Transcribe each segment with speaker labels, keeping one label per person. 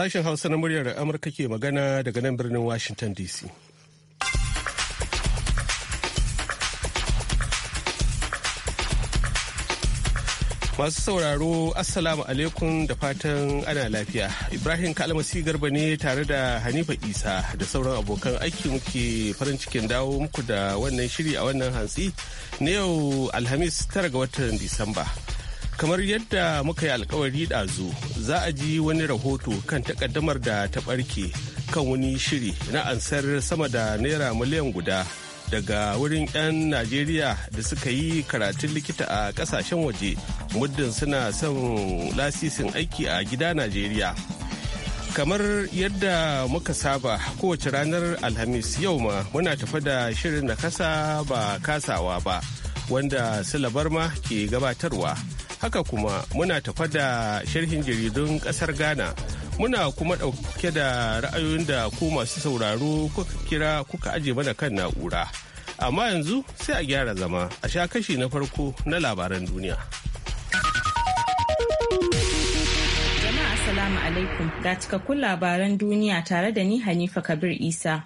Speaker 1: Sashen Hausa na muryar Amurka ke magana daga nan birnin Washington DC. Masu sauraro, Assalamu alaikum da fatan ana lafiya. Ibrahim Kalmasi Garba ne tare da Hanifa Isa da sauran abokan aiki muke farin cikin dawo muku da wannan shiri a wannan hantsi na yau Alhamis 9 ga watan Disamba. kamar yadda muka yi alkawari ɗazu za a ji wani rahoto kan takaddamar da ta ɓarke kan wani shiri na ansar sama da naira miliyan guda daga wurin 'yan najeriya da suka yi karatun likita a kasashen waje muddin suna son lasisin aiki a gida najeriya kamar yadda muka saba kowace ranar alhamis yau ma muna tafa da shirin na kasa ba kasawa ba wanda silabar ma ke gabatarwa Haka kuma muna tafa da sharhin jaridun kasar Ghana. Muna kuma ɗauke da ra'ayoyin da ku masu sauraro kuka kira kuka aje mana kan na'ura. Amma yanzu sai a gyara zama a sha kashi na farko na labaran duniya.
Speaker 2: Jama'a Assalamu alaikum ga cikakkun labaran duniya tare da ni Hanifa Kabir Isa.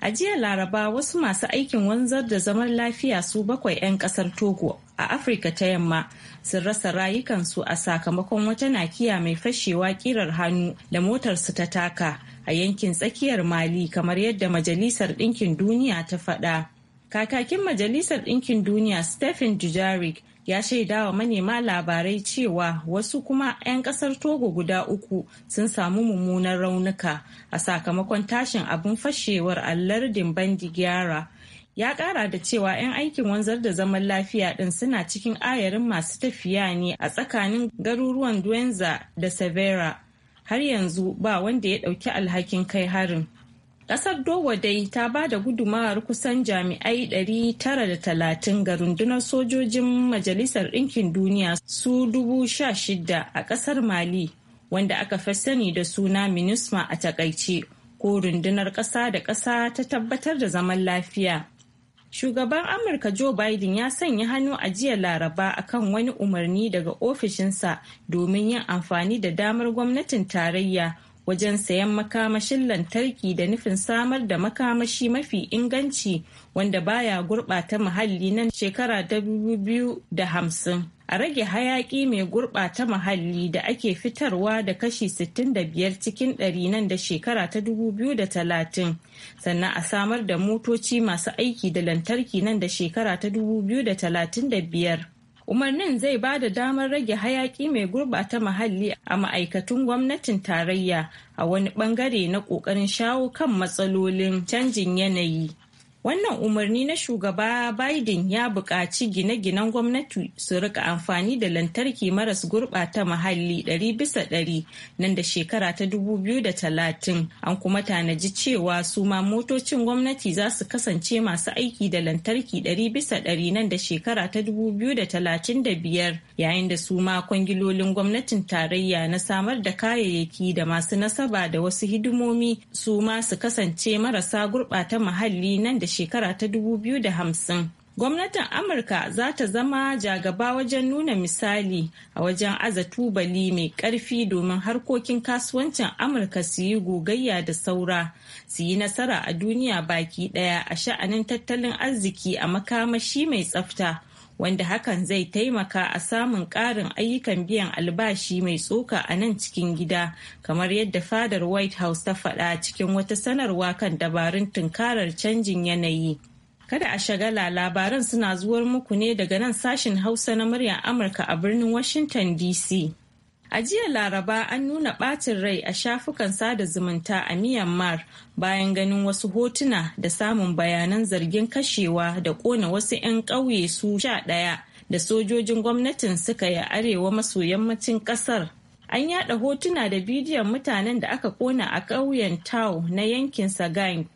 Speaker 2: A jiya Laraba wasu masu aikin wanzar da zaman lafiya su bakwai 'yan kasar Togo a Afirka ta yamma sun rasa rayukansu a sakamakon wata nakiya mai fashewa kirar hannu da motarsu ta taka a yankin tsakiyar Mali kamar yadda Majalisar Ɗinkin Duniya ta faɗa. Kakakin Majalisar Ɗinkin Duniya Stephen Dujarric ya shaida wa manema labarai cewa wasu kuma 'yan kasar togo guda uku sun samu mummunan raunuka a sakamakon tashin abin fashewar allar bandi gyara ya kara da cewa 'yan aikin wanzar da zaman lafiya din suna cikin ayarin masu tafiya ne a tsakanin garuruwan duenza da severa har yanzu ba wanda ya dauki alhakin kai harin Ƙasar Dowa dai ta ba da gudumawar kusan jami'ai 930 ga rundunar sojojin Majalisar Ɗinkin Duniya su 16,000 a ƙasar Mali, wanda aka fi sani da suna MINUSMA a takaice, ko rundunar ƙasa da ƙasa ta tabbatar da zaman lafiya. Shugaban Amurka Joe Biden ya sanya hannu a jiya Laraba akan wani umarni daga ofishinsa domin yin amfani da damar gwamnatin tarayya. wajen sayan makamashin lantarki da nufin samar da makamashi mafi inganci wanda baya gurɓata muhalli nan shekara hamsin, a rage hayaƙi mai gurɓata muhalli da ake fitarwa da kashi 65 cikin ɗari nan da shekara ta 2030 sannan a samar da motoci masu aiki da lantarki nan da shekara ta 2035 umarnin zai ba da damar rage hayaki mai gurbata muhalli a ma'aikatun gwamnatin tarayya a wani bangare na ƙoƙarin shawo kan matsalolin canjin yanayi Wannan umarni na shugaba Biden ya buƙaci gine-ginen gwamnati su rika amfani da lantarki maras gurɓata muhalli 100 bisa 100 nan da shekara ta 2030. An kuma tanaji cewa su ma motocin gwamnati za su kasance masu aiki da lantarki 100 bisa 100 nan da shekara ta 2035 yayin da su ma kwangilolin gwamnatin tarayya na samar da kayayyaki da masu nasaba da wasu hidimomi su ma su kasance marasa gurɓata muhalli nan da shekara ta 2050. Gwamnatin Amurka za ta zama jagaba wajen nuna misali a wajen aza tubali mai ƙarfi domin harkokin kasuwancin Amurka su yi gogayya da saura, su yi nasara a duniya baki ɗaya a sha'anin tattalin arziki a makamashi mai tsafta. wanda hakan zai taimaka a samun ƙarin ayyukan biyan albashi mai tsoka a nan cikin gida kamar yadda fadar white house ta faɗa cikin wata sanarwa kan dabarun tunkarar canjin yanayi kada a shagala labaran suna zuwar muku ne daga nan sashen hausa na muryar amurka a birnin washington dc A jiya Laraba an nuna ɓacin rai a shafukan sada zumunta a Myanmar bayan ganin wasu hotuna da samun bayanan zargin kashewa da ƙona wasu 'yan ƙauye su sha ɗaya da sojojin gwamnatin suka yi arewa maso yammacin ƙasar. An yada hotuna da bidiyon mutanen da aka ƙona a ƙauyen Tau na yankin Sagang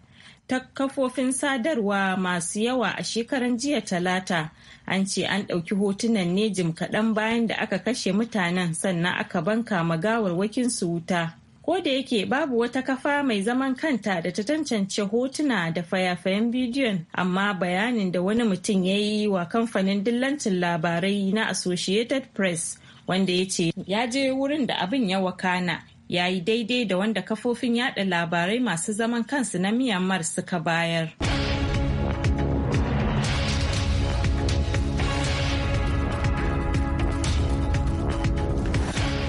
Speaker 2: ta kafofin sadarwa masu yawa a shekaran jiya talata an ce an ɗauki hotunan ne jim kaɗan bayan da aka kashe mutanen sannan aka banka magawarwakin su wuta ko da yake babu wata kafa mai zaman kanta da ta tantance hotuna da fayafayen bidiyon amma bayanin da wani mutum ya yi wa kamfanin dillancin labarai na associated press wanda ya ce ya je wurin da abin ya wakana ya yi daidai da wanda kafofin yada labarai masu zaman kansu na Myanmar suka bayar.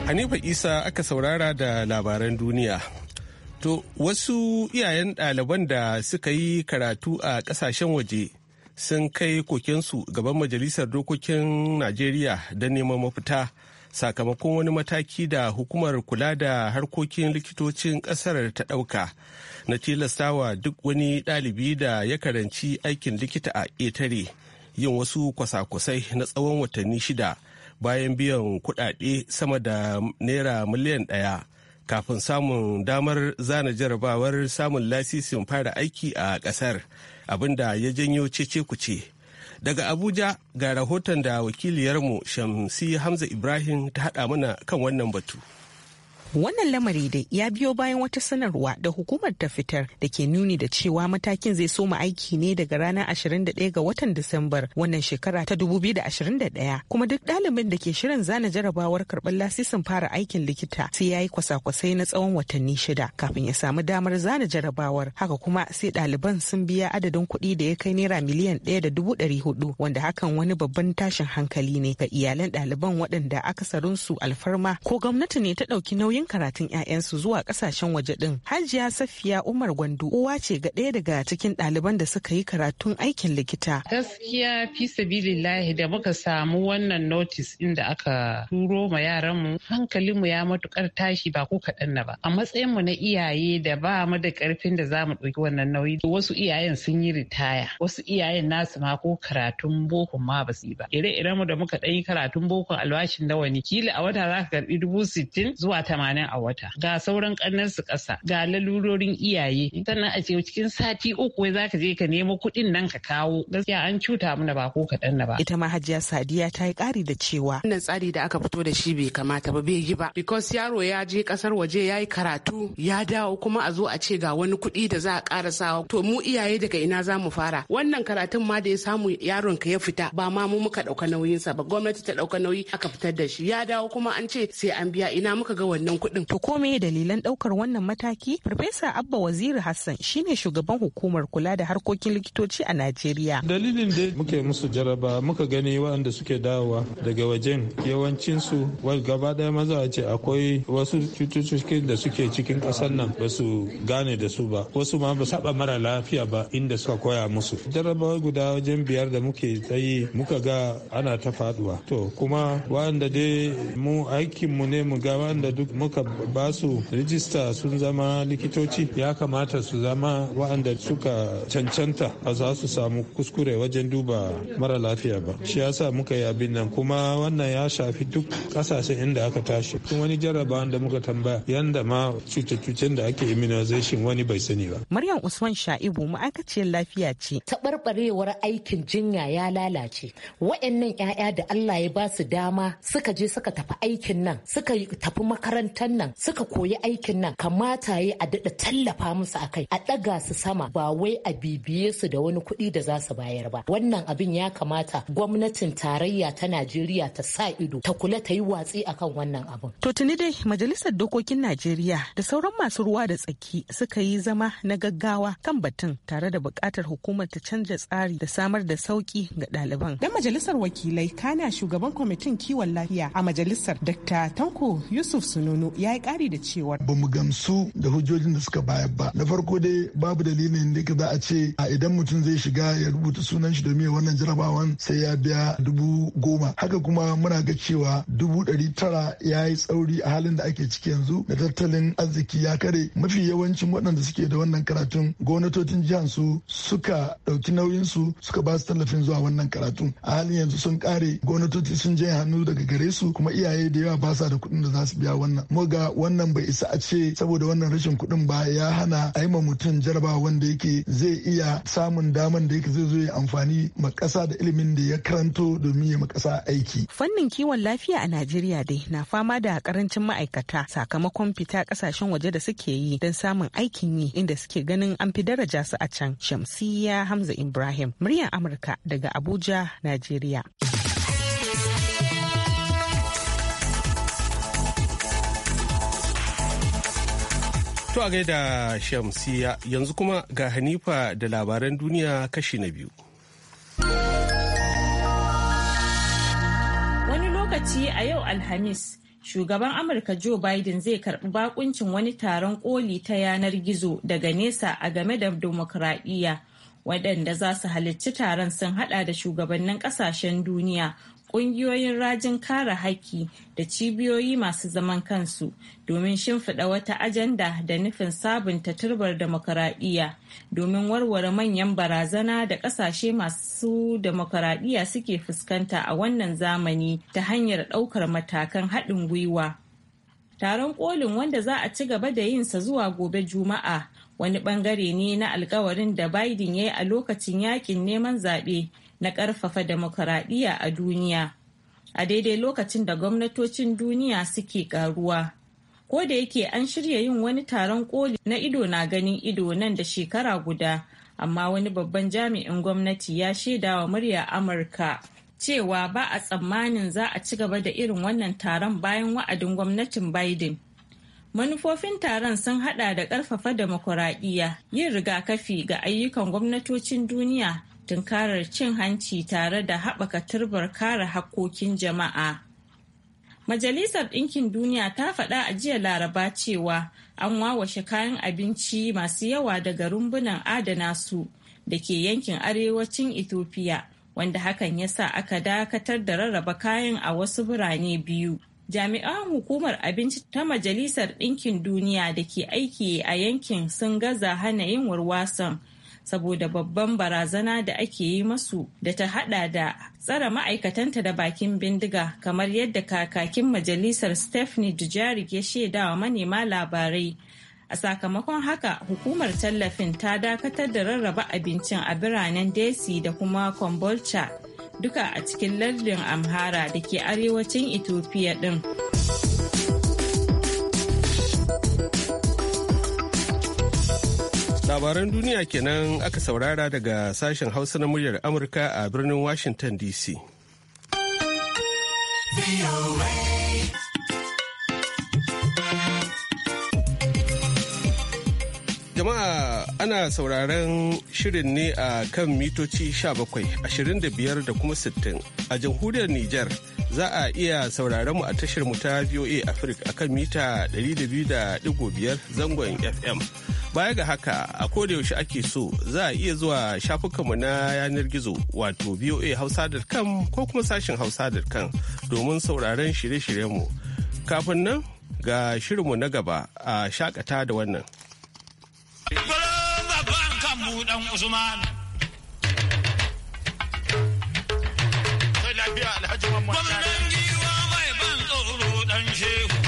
Speaker 2: Hanifa
Speaker 1: Isa aka saurara da labaran duniya. To, wasu iyayen ɗaliban da suka yi karatu a ƙasashen waje sun kai kokensu gaban Majalisar Dokokin Najeriya don neman mafita. sakamakon wani mataki da hukumar kula da harkokin likitocin ƙasar ta ɗauka na tilastawa duk wani ɗalibi da ya karanci aikin likita a ƙetare yin wasu kwasa-kwasai na tsawon watanni shida bayan biyan kuɗaɗe sama da naira miliyan ɗaya kafin samun damar zana jarabawar samun lasisin fara aiki a ƙasar abinda ya janyo cece kuce Daga Abuja ga rahoton da wakiliyarmu Shamsi Hamza Ibrahim ta haɗa mana kan wannan batu.
Speaker 3: Wannan lamari dai ya biyo bayan wata sanarwa da hukumar ta fitar da ke nuni da cewa matakin zai soma aiki ne daga ranar 21 ga watan Disambar wannan shekara ta 2021 kuma duk ɗalibin da ke shirin zana jarabawar karɓar lasisin fara aikin likita sai ya yi kwasa-kwasai na tsawon watanni shida kafin ya samu damar zana jarabawar haka kuma sai ɗaliban sun biya adadin kuɗi da ya kai naira miliyan ɗaya da dubu ɗari hudu wanda hakan wani babban tashin hankali ne ga iyalan ɗaliban waɗanda akasarinsu alfarma ko gwamnati ne ta ɗauki nauyin nauyin karatun 'ya'yansu zuwa kasashen waje din hajiya safiya umar gwandu uwa ce ga ɗaya daga cikin ɗaliban da suka yi karatun aikin likita gaskiya fi sabilillahi da muka samu wannan notice inda aka turo ma yaran mu. hankalinmu ya matukar tashi ba ko kaɗan na ba a matsayin mu na iyaye da ba mu da ƙarfin da za mu ɗauki wannan nauyi wasu iyayen sun yi ritaya wasu iyayen nasu ma ko karatun boko ma ba su yi ba ire-iren mu da muka ɗan yi karatun boko alwashin nawa ne kila a wata za ka karɓi dubu sittin zuwa tamanin tamanin a wata ga sauran su kasa ga lalurorin iyaye sannan a ce cikin sati uku za ka je ka nemo kuɗin nan ka kawo gaskiya an cuta mana ba ko kaɗan na ba. ita ma hajiya sadiya ta yi ƙari da cewa. wannan tsari da aka fito da shi bai kamata ba bai yi ba because yaro ya je kasar waje ya yi karatu ya dawo kuma a zo a ce ga wani kuɗi da za a ƙara to mu iyaye daga ina za mu fara wannan karatun ma da ya samu yaron ka ya fita ba ma mu muka ɗauka nauyinsa ba gwamnati ta ɗauka nauyi aka fitar da shi ya dawo kuma an ce sai an biya ina muka ga wannan kuɗin. To komai dalilan ɗaukar wannan mataki? Farfesa Abba Waziri Hassan shine shugaban hukumar kula da harkokin likitoci a Najeriya.
Speaker 4: Dalilin da muke musu jaraba muka gani waɗanda suke dawowa daga wajen yawancinsu gaba ɗaya maza a ce akwai wasu cututtukin da suke cikin ƙasar nan ba su gane da su ba wasu ma ba saba mara lafiya ba inda suka koya musu jarabawar guda wajen biyar da muke tsayi muka ga ana ta faɗuwa, to kuma waɗanda dai mu aikin mu ne mu ga waɗanda duk suka ba su rijista sun zama likitoci ya kamata su zama waɗanda suka cancanta a za su samu kuskure wajen duba mara lafiya ba shi ya sa muka yi abin nan kuma wannan ya shafi duk ƙasashen inda aka tashi kun wani jaraba da muka tambaya yanda ma cuce-cucen da ake immunization wani bai sani ba
Speaker 3: maryam usman sha'ibu ma'aikaciyar lafiya ce taɓarɓarewar aikin jinya ya lalace wa'annan 'ya'ya da allah ya ba su dama suka je suka tafi aikin nan suka tafi makaranta makarantar nan suka koyi aikin nan kamata yi a daɗa tallafa musu a kai a ɗaga su sama ba wai a bibiye su da wani kuɗi da za su bayar ba wannan abin ya kamata gwamnatin tarayya ta najeriya ta sa ido ta kula ta yi watsi akan wannan abin to tuni dai majalisar dokokin najeriya da sauran masu ruwa da tsaki suka yi zama na gaggawa kan batun tare da buƙatar hukumar ta canza tsari da samar da sauki ga ɗaliban dan majalisar wakilai kana shugaban kwamitin kiwon lafiya a majalisar dr tanko yusuf sununu Kano ya yi ƙari da cewa.
Speaker 4: Ba mu gamsu da hujjojin da suka bayar ba. Na farko dai babu dalilin da za a ce a idan mutum zai shiga ya rubuta sunan shi domin wannan jarabawan sai ya biya dubu goma. Haka kuma muna ga cewa dubu ɗari tara ya yi tsauri a halin da ake ciki yanzu da tattalin arziki ya kare. Mafi yawancin waɗanda suke da wannan karatun gwamnatocin jihar su suka ɗauki nauyin su suka ba su tallafin zuwa wannan karatun. A halin yanzu sun kare gwamnatoci sun je hannu daga gare su kuma iyaye da yawa ba sa da kuɗin da za su biya wannan. muga wannan bai isa a ce saboda wannan rashin kuɗin ba ya hana a yi ma mutum jaraba wanda yake zai iya samun daman da yake zai zo ya amfani ma ƙasa da ilimin da ya karanto domin ya ma aiki.
Speaker 3: Fannin kiwon lafiya a Najeriya dai na fama da karancin ma'aikata sakamakon fita ƙasashen waje da suke yi don samun aikin yi inda suke ganin an fi daraja su a can. Shamsiyya Hamza Ibrahim, muryar Amurka daga Abuja, Najeriya.
Speaker 1: To a gaida Shamsiya yanzu kuma ga Hanifa da labaran duniya kashi na biyu.
Speaker 2: Wani lokaci a yau Alhamis, shugaban Amurka Joe Biden zai karɓi bakuncin wani taron koli ta yanar gizo daga nesa a game da demokradiyya. Waɗanda za su halarci taron sun haɗa da shugabannin ƙasashen duniya ƙungiyoyin rajin kare haƙƙi da cibiyoyi masu zaman kansu domin shimfiɗa wata ajanda da nufin sabunta turbar demokaradiyya domin warware manyan barazana da ƙasashe masu demokaradiyya suke fuskanta a wannan zamani ta hanyar ɗaukar matakan haɗin gwiwa. Taron kolin wanda za a ci gaba da yinsa zuwa gobe Juma'a wani bangare ne na alkawarin da Biden ya yi a lokacin yakin neman zaɓe na ƙarfafa demokuraɗiyya a duniya a daidai lokacin da gwamnatocin duniya suke ƙaruwa. Ko da yake an shirya yin wani taron koli na ido na ganin ido nan da shekara guda, amma wani babban jami'in gwamnati ya shaida wa murya Amurka cewa ba a tsammanin za a ci gaba da irin wannan taron bayan wa'adin gwamnatin Biden. Manufofin taron sun hada da ƙarfafa demokuraɗiyya, yin rigakafi ga ayyukan gwamnatocin duniya tunkarar cin hanci tare da haɓaka turbar kare hakkokin jama'a. Majalisar Ɗinkin Duniya ta faɗa a jiya Laraba cewa an wawashe kayan abinci masu yawa daga rumbunan adana su da ke yankin arewacin Ethiopia, wanda hakan ya sa aka dakatar da rarraba kayan a wasu birane biyu. Jami'an hukumar abinci ta Majalisar Ɗinkin Duniya da ke aiki a yankin sun gaza hana yin warwasan saboda babban barazana da ake yi masu da ta hada da tsara ma'aikatanta da bakin bindiga kamar yadda kakakin majalisar stephanie dujarik ya shaidawa manema labarai a sakamakon haka hukumar tallafin ta dakatar da rarraba abincin a biranen desi da kuma kombolcha duka a cikin lardin amhara da ke arewacin ethiopia din.
Speaker 1: Labaran duniya kenan aka saurara daga sashen Hausa na muryar Amurka a birnin Washington DC. Jama'a ana sauraron shirin ne a kan mitoci 17, 25 da kuma 60 a jamhuriyar Nijar. za a iya sauraron mu a tashar mu ta VOA Africa a kan mita 200.5 zangon FM. Baya ga haka a yaushe ake so za a iya zuwa shafukanmu na yanar gizo wato kan ko kuma sashin hausa da kan domin sauraron shirye-shiryenmu. Kafin nan ga shirinmu na gaba a shakata da wannan.
Speaker 5: dan Usman. Sai lafiya Alhaji Mamman. Gwamnan giwa mai ban tsoro dan shehu.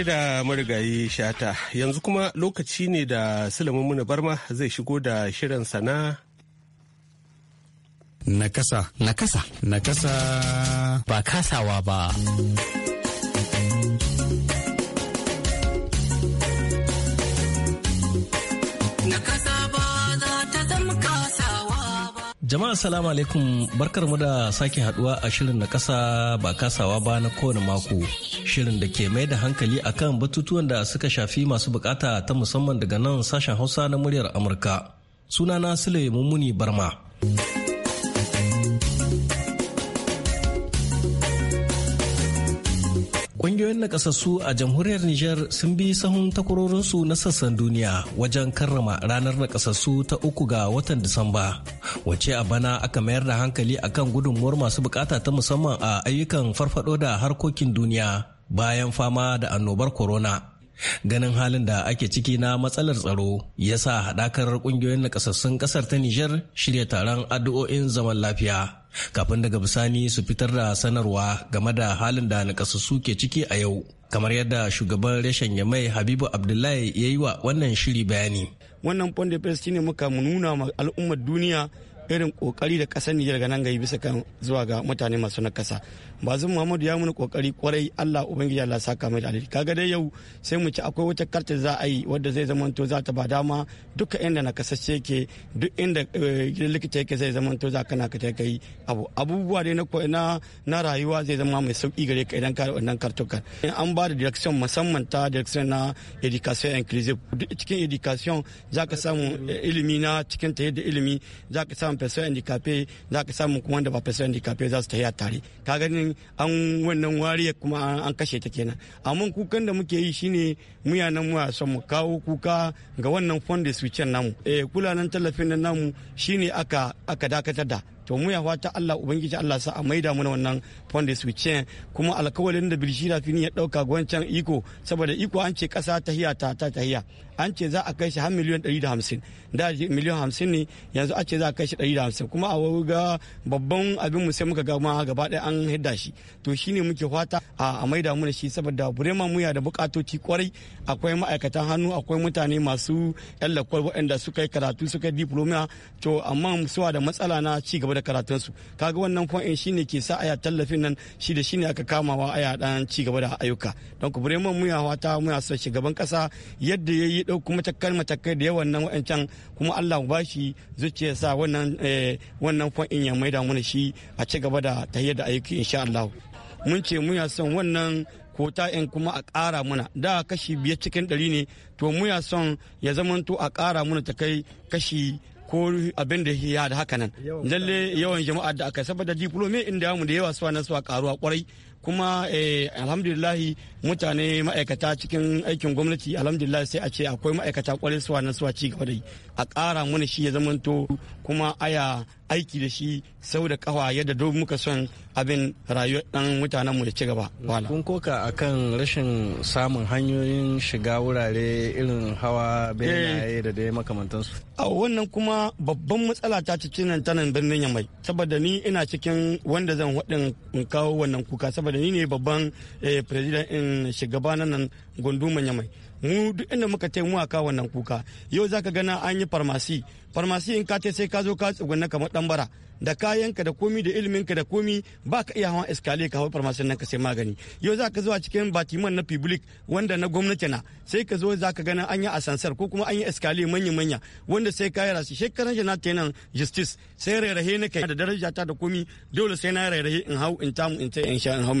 Speaker 1: da marigayi shata yanzu kuma lokaci ne da silimin muna barma zai shigo da shirin sana nakasa nakasa nakasa ba kasawa ba
Speaker 6: Jama'a salamu alaikum barkar mu da sake haduwa a shirin na kasa ba kasawa ba na kowane mako shirin da ke mai da hankali akan batutuwan da suka shafi masu bukata ta musamman daga nan sashen hausa na muryar Amurka. Sunana Sule Mummuni Barma. Ƙungiyoyin nakasassu a jamhuriyar Nijar sun bi sahun takwarorinsu na sassan duniya wajen karrama ranar nakasassu ta uku ga watan Disamba, Wace a bana aka mayar da hankali a kan gudunmuwar masu bukata ta musamman a ayyukan farfaɗo da harkokin duniya bayan fama da annobar corona. Ganin halin da ake ciki na matsalar tsaro ya sa haɗakar ƙungiyoyin nakasassun ƙasar ta Nijar shirya taron addu'o'in zaman lafiya. kafin daga bisani su fitar da sanarwa game da halin da nakasassu ke ciki a yau kamar yadda shugaban reshen ya mai, habibu abdullahi ya yi wa wannan shiri bayani
Speaker 7: wannan fond shine muka nuna al'ummar duniya irin kokari da kasar Nijar ga nan gai bisa kan zuwa ga mutane masu nakasa bazin Muhammadu ya muni kokari kwarai Allah ubangiji Allah saka mai alheri kaga dai yau sai mu ci akwai wata karta za a yi wadda zai zamanto za ta ba dama duka inda nakasashe ke duk inda eh, gidan likita yake zai zamanto za kana ka kai abu abubuwa dai na na na rayuwa zai zama mai sauki gare ka idan ka da wannan kartukan an ba da direction musamman ta direction na education inclusive cikin education za ka samu eh, ilimi na cikin ta yadda ilimi za ka samu person handicapé za ka samu kuma wanda ba person handicapé za su tafiya tare ka gani an wannan wariyar kuma an kashe ta kenan amma kukan da muke yi shine muya nan muya son mu kawo kuka ga wannan fondis switchen namu eh kula nan tallafin nan namu shine aka aka dakatar da to mu ya fata Allah ubangiji Allah sa a maida mana wannan fondes wucin kuma alkawalin da bilshira fini ya dauka gwancan iko saboda iko an ce kasa hiya ta ta tahiya an ce za a kai shi har miliyan 150 da miliyan 50 ne yanzu a ce za a kai shi 150 kuma a ga babban abin mu sai muka ga ma gaba ɗaya an hidda shi to shine muke fata a maida mana shi saboda burema muya da bukatoci kwarai akwai ma'aikatan hannu akwai mutane masu yan lakwal waɗanda suka yi karatu suka yi diploma to amma suwa da matsala na ci gaba gaba da karatunsu kaga wannan fa'in shine ke sa aya tallafin nan shi da shine aka kamawa aya dan ci gaba da ayyuka don ku bure mun muya wata muna son shugaban kasa yadda yayi dauko matakan matakai da yawan nan wa'ancan kuma Allah ba shi zuciya sa wannan eh, wannan fa'in ya maida mana shi a ci gaba da tahiyar da ayyuka insha Allah mun ce ya son wannan kota in kuma a ƙara muna da kashi biyar cikin ɗari ne to mu ya son ya zamanto a ƙara muna ta kai kashi ko abin da ya da haka nan lalle yawan jama'a da aka saboda diplomi inda mu da yawa suwa nan suwa karuwa kwarai kuma eh, alhamdulillah mutane ma'aikata cikin aikin gwamnati alhamdulillah sai a ce akwai ma'aikata kwarai suwa nan suwa ci gaba da a ƙara mana shi ya zamanto kuma aya aiki da shi sau da kawa yadda duk muka son abin rayuwar dan mutanen mu ya ci gaba
Speaker 6: kun koka akan rashin samun hanyoyin shiga wurare irin hawa benaye eh. da dai makamantansu
Speaker 7: a wannan kuma babban matsala ta cikin nan tanan birnin yamai saboda ni ina cikin wanda zan in kawo wannan kuka saboda ni ne babban eh, president in shugabanan nan gunduman yamai mu duk inda muka ce mu aka wannan kuka yau zaka gana an yi farmasi farmasi in ka ce sai ka zo ka tsugunna kamar dan bara da kayanka da komi da ilimin ka da komi ba ka iya hawan iskale ka hawa farmasin nan ka sai magani yau za ka zuwa cikin batiman na public wanda na gwamnati na sai ka zo za ka ganin an yi asansar ko kuma an yi iskale manya-manya wanda sai ka yi rasu shekaran shi na tenan justice sai rairahe na kai da daraja ta da komi dole sai na rairahe in hau in tamu in tai in sha in hau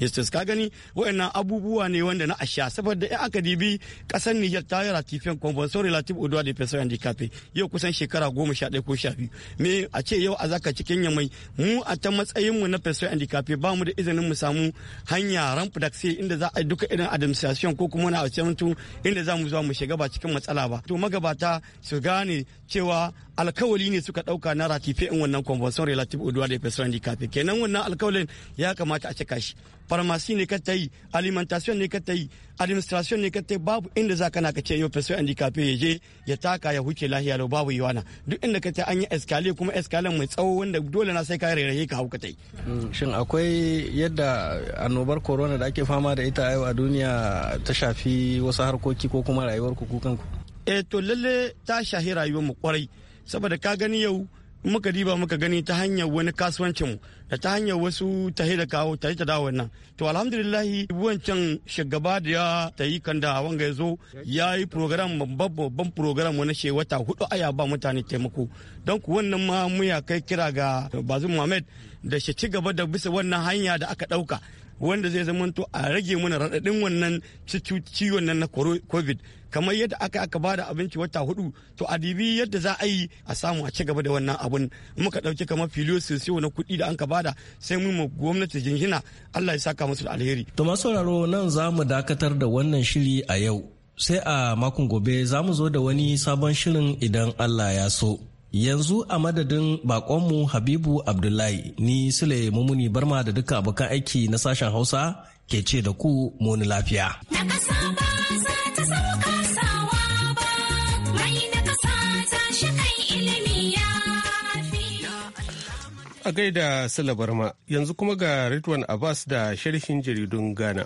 Speaker 7: justice ka gani waɗannan abubuwa ne wanda na asha saboda in aka dibi ƙasar Niger ta yi ratifiyan convention relative au droit des personnes handicapées yau kusan shekara goma sha ɗaya ko sha biyu me a ce yau a zaka haka cikin yamai mu a ta matsayin mu na fesoyi cafe ba mu da izinin mu samu hanya ramp da inda za a duka irin administration ko kuma na asibitu inda za mu zuwa mu shiga ba cikin matsala ba to magabata su gane cewa alkawali ne suka dauka na ratife in wannan convention relative au droit des personnes handicapées kenan wannan alkawalin ya kamata a cika shi farmasi ne ka ta yi alimentation ne ka ta yi administration ne ka ta babu inda za ka na ka ce yau fesu andi ya je ya taka ya huce lahiya lau babu wana duk inda ka ta an yi escalier kuma escalier mai tsawo wanda dole na sai ka rairaye ka hauka ta yi.
Speaker 6: Hmm, shin akwai yadda annobar corona da ake fama da ita yau a duniya ta shafi wasu harkoki ko kuma rayuwar ku kanku. eh to lalle ta shahi rayuwar mu
Speaker 7: kwarai saboda ka gani yau muka diba muka gani ta hanyar wani kasuwancinmu da ta hanyar wasu ta da kawo tahi ta dawo nan to alhamdulillahi wancan shugaba da ya yi kan da wanga ya zo ya yi program babban babban program wani shi wata hudu aya ba mutane taimako don ku wannan ma muya kai kira ga bazin muhammad da shi ci gaba da bisa wannan hanya da aka dauka wanda zai to a rage mana raɗaɗin wannan ciwon nan na covid kamar yadda aka aka bada abinci wata hudu to a dibi yadda za a yi a samu a ci gaba da wannan abun muka dauki kamar filiyo sosiyo na kuɗi da an ka bada sai mu gwamnati jinjina Allah ya saka musu da alheri
Speaker 6: to masu sauraro nan za mu dakatar da wannan shiri a yau sai a makon gobe za mu zo da wani sabon shirin idan Allah ya so yanzu a madadin bakonmu habibu abdullahi ni sule mumuni barma da duka abokan aiki na sashen hausa ke ce da ku muni lafiya.
Speaker 3: na
Speaker 1: a gaida Sula Barma yanzu kuma ga Ridwan Abbas da sharhin jaridun Ghana.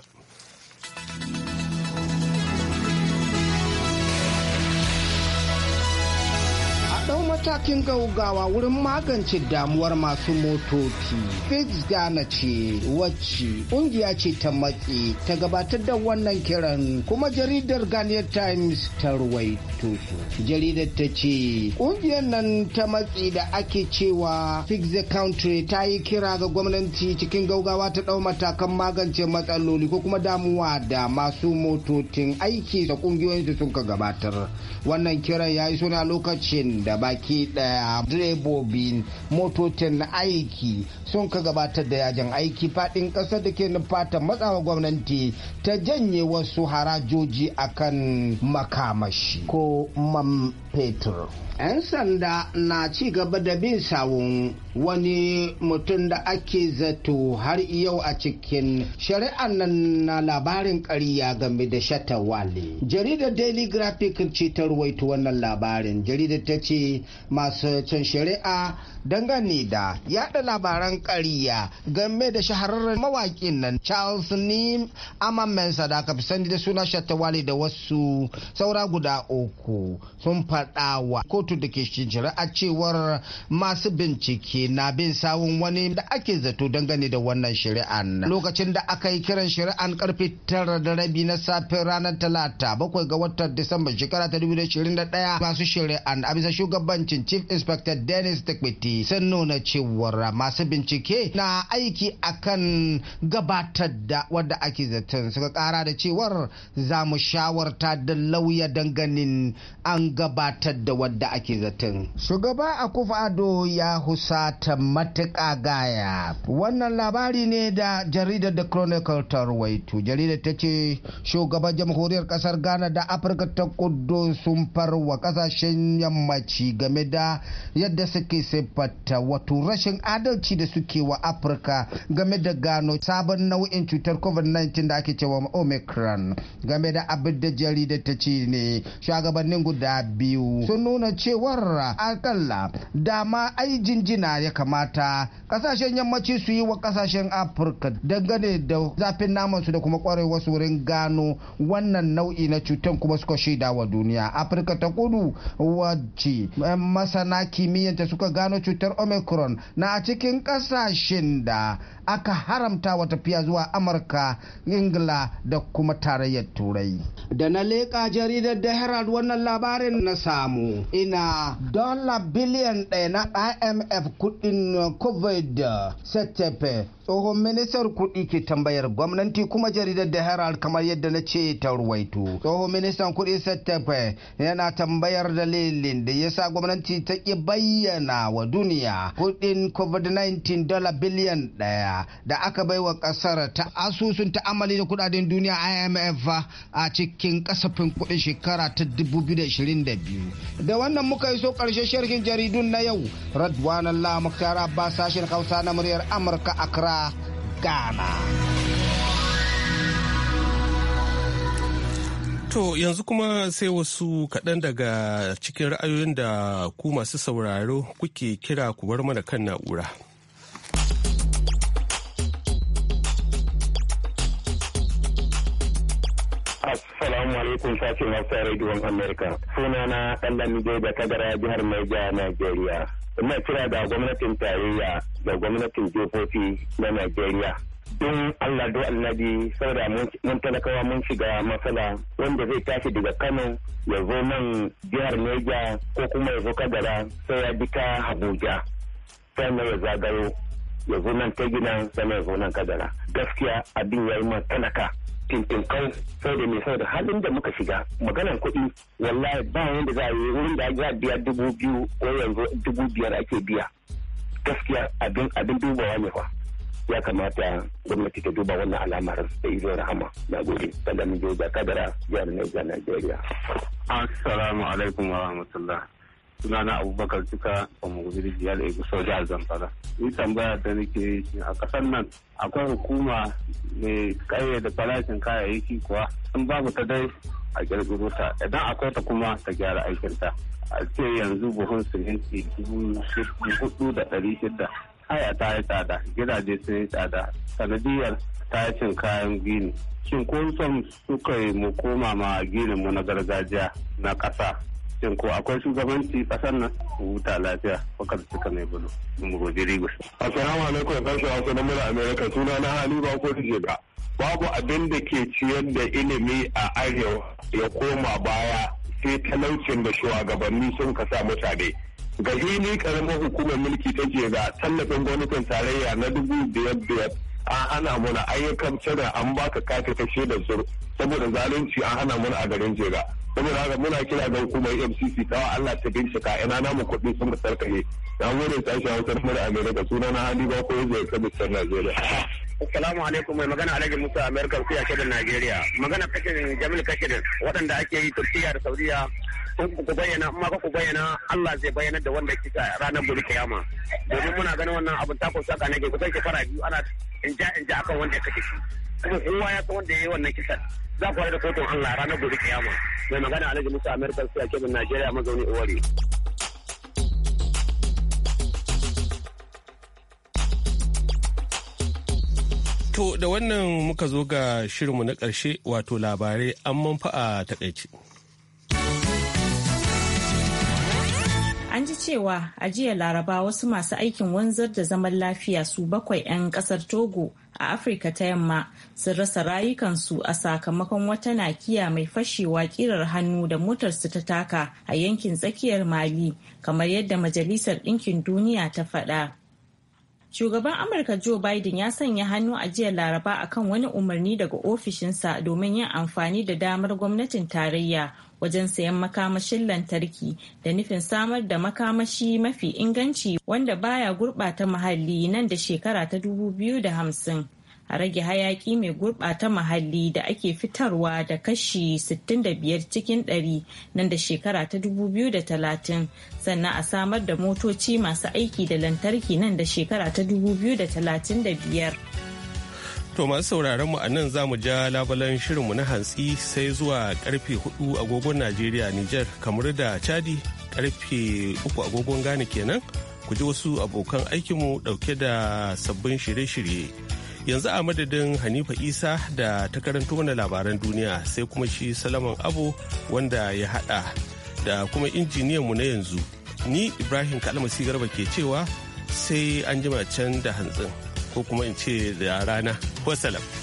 Speaker 8: matakin gaugawa wurin magance damuwar masu motoci. Fitz Ghana ce wacce ƙungiya ce ta matse ta gabatar da wannan kiran kuma jaridar Ghana Times ta ruwaito su. Jaridar ta ce ƙungiyar nan ta matse da ake cewa Fix the Country ta yi kira ga gwamnati cikin gaugawa ta ɗau matakan magance matsaloli ko kuma damuwa da masu motocin aiki da ƙungiyoyin sun ka gabatar. Wannan kiran ya yi suna lokacin da baki baki daya direbobin motocin aiki sun ka gabatar da yajin aiki fadin kasar da ke nufata matsawa gwamnati ta janye wasu harajoji akan makamashi ko man fetur 'yan sanda na ci gaba da bin sawun wani mutum da ake zato har yau a cikin shari'a nan na labarin ƙarya game da shatawale jaridar daily graphic ce ta ruwaito wannan labarin jaridar ta ce masu can shari'a dangane da yada labaran ƙarya game da shahararren mawaƙin nan charles nim amamensa da aka fi sani da suna shatawale da wasu saura guda uku sun faɗa wa kotu da ke shari'a cewar masu bincike na bin sawun wani da ake zato dangane da wannan shari'an lokacin da aka yi kiran shari'an karfe tara da rabi na safe ranar talata bakwai ga watan disamba shekara ta dubu da da daya. masu shari'an a bisa shugabancin chief inspector dennis takwiti sun nuna cewar masu bincike na aiki akan gabatar da wadda ake zaton suka kara da cewar za mu shawarta da lauya danganin an gabatar da wadda ake zaton shugaba akufa ado ya husa ta matuƙa gaya wannan labari ne da jaridar the chronicle ta ruwaito jaridar ta ce shugaban jamhuriyar kasar ghana da afirka ta kudu sun farwa kasashen yammaci game da yadda suke siffata wato rashin adalci da suke wa afirka game da gano sabon nau'in cutar covid-19 da ake cewa omicron game da abin da jaridar ta ce ne shugabannin guda biyu sun nuna cewar akalla dama ai jinjina ya kamata kasashen yammaci su yi wa kasashen afirka dangane da zafin namansu da kuma kware su wurin gano wannan nau'i na cutan kuma suka shaida wa duniya afirka ta kudu wacce masana kimiyyanta suka gano cutar omicron na cikin kasashen da aka haramta wa tafiya zuwa amurka ingila da kuma tarayyar turai da na leƙa jaridar da herald wannan labarin na samu ina dollar biliyan ɗaya na imf in uh, COVID uh, setup uh, tsohon ministan kuɗi ke tambayar gwamnati kuma jaridar da herald kamar yadda na ce ta ruwaito tsohon ministan kuɗi sattafe yana tambayar dalilin da ya sa gwamnati ta ƙi bayyana wa duniya kuɗin covid-19 dala biliyan ɗaya da aka baiwa ƙasar ta asusun ta'amali da kuɗaɗen duniya imf a cikin kasafin kuɗin shekara ta 2022 da wannan muka yi so ƙarshen shirkin jaridun na yau radwana allah muktar abbas sashen hausa na muryar amurka accra Accra, Ghana.
Speaker 1: To yanzu kuma sai wasu kaɗan daga cikin ra'ayoyin da ku masu sauraro kuke kira ku bar mana kan na'ura.
Speaker 8: Assalamu alaikum sashen Hausa rediyon Amurka. Suna na ɗan da Kadara jihar maija Najeriya. Ina kira da gwamnatin tarayya da gwamnatin jihohi na Najeriya. Don Allah do annabi saboda mun talakawa mun shiga matsala wanda zai tashi daga Kano ya zo nan jihar Neja ko kuma ya zo Kadara sai ya dika Abuja. Sannan ya zagayo ya zo nan ta gina sannan ya zo nan Kadara. Gaskiya abin ya yi talaka. Tintin tintinkau sai da mai da halin da muka shiga maganan kuɗi wallahi ba wanda za a yi wurin da za biya dubu biyu ko yanzu dubu biyar ake biya gaskiya abin abin dubawa ne fa
Speaker 1: ya kamata gwamnati ta duba wannan alamar da izo rahama na gode sanda mun je kadara jihar Niger Nigeria assalamu alaikum wa rahmatullah sunana abubakar duka a mugubiri jihar egusa jihar zamfara ni tambaya da nake a kasar nan akwai hukuma mai kayyade farashin kayayyaki kuwa in babu ta dai a girgiro ta idan akwai ta kuma ta gyara aikin ta a ce yanzu buhun siminti dubu da ɗari shida haya ta yi tsada gidaje sun yi tsada sanadiyar ta yi cin kayan gini shin ko son suka yi mu koma ma ginin mu na gargajiya na ƙasa shin ko akwai shugabanci ƙasar nan huta lafiya wakar suka mai bulu mu gobe rigus assalamu alaikum sashen wasu na mura america suna na hali ba ko ba babu abin da ke ciyar da ilimi a arewa ya koma baya sai talaucin da shugabanni sun kasa mutane ga hili karamar hukumar mulki ta jega tallafin gwamnatin tarayya na dubu biyar biyar an hana mana ayyukan cire an baka kati ta shaidar zur saboda zalunci an hana mana a garin jega. saboda haka muna kira ga hukumar mcc ta wa allah ta bincika ina namu kuɗi sun ka sarkahe na gode sashi hausar mura amerika sunana hali ba ko yanzu ya kabi najeriya
Speaker 8: Assalamu alaikum mai
Speaker 1: magana Alhaji Musa Amerika su yake da Najeriya. Magana kashin
Speaker 5: Jamil Kashirin waɗanda ake yi Turkiyya da Saudiya sun ku bayyana amma ku bayyana Allah zai
Speaker 7: bayyana da wanda kika ranar gobe kiyama. Domin muna ganin wannan abin ta kusa ka nake kusan shekara biyu ana in ja in ja akan wanda ya kashe shi. Kuma kowa ya san wanda ya yi wannan kisan. Za ku da kotun Allah ranar gobe kiyama. Mai magana Alhaji Musa Amerika su yake da Najeriya mazauni Uwari.
Speaker 1: To da wannan muka zo ga shirinmu na ƙarshe wato labarai an manfa a takaici.
Speaker 2: An ji cewa a jiya laraba wasu masu aikin wanzar da zaman lafiya su bakwai 'yan ƙasar Togo a Afirka ta yamma sun rasa rayukansu a sakamakon wata nakiya mai fashewa kirar hannu da motarsu ta taka a yankin tsakiyar Mali kamar yadda Majalisar Ɗinkin Duniya ta faɗa. shugaban amurka joe biden ya sanya hannu a jiya laraba akan wani umarni daga ofishinsa domin yin amfani da damar gwamnatin tarayya wajen sayan makamashin lantarki da nufin samar da makamashi mafi inganci wanda baya gurɓata muhalli nan da shekara ta 2050 a rage hayaki mai gurɓata muhalli da ake fitarwa da kashi 65 cikin 100 nan da shekara ta 2030 sannan a samar da motoci masu aiki da lantarki nan da shekara ta 2035.
Speaker 1: To masu sauraron mu a nan za mu ja labalan shirinmu na hantsi sai zuwa karfe 4 agogon Najeriya Nijar kamar da Chadi karfe 3 agogon Ghana kenan ku ji wasu abokan aikinmu dauke da sabbin shirye-shirye. yanzu a madadin hanifa isa da ta karanto mana labaran duniya sai kuma shi salaman abu wanda ya hada da kuma mu na yanzu ni ibrahim kalmasi garba ke cewa sai an jima can da hantsin ko kuma in ce da rana wasalam.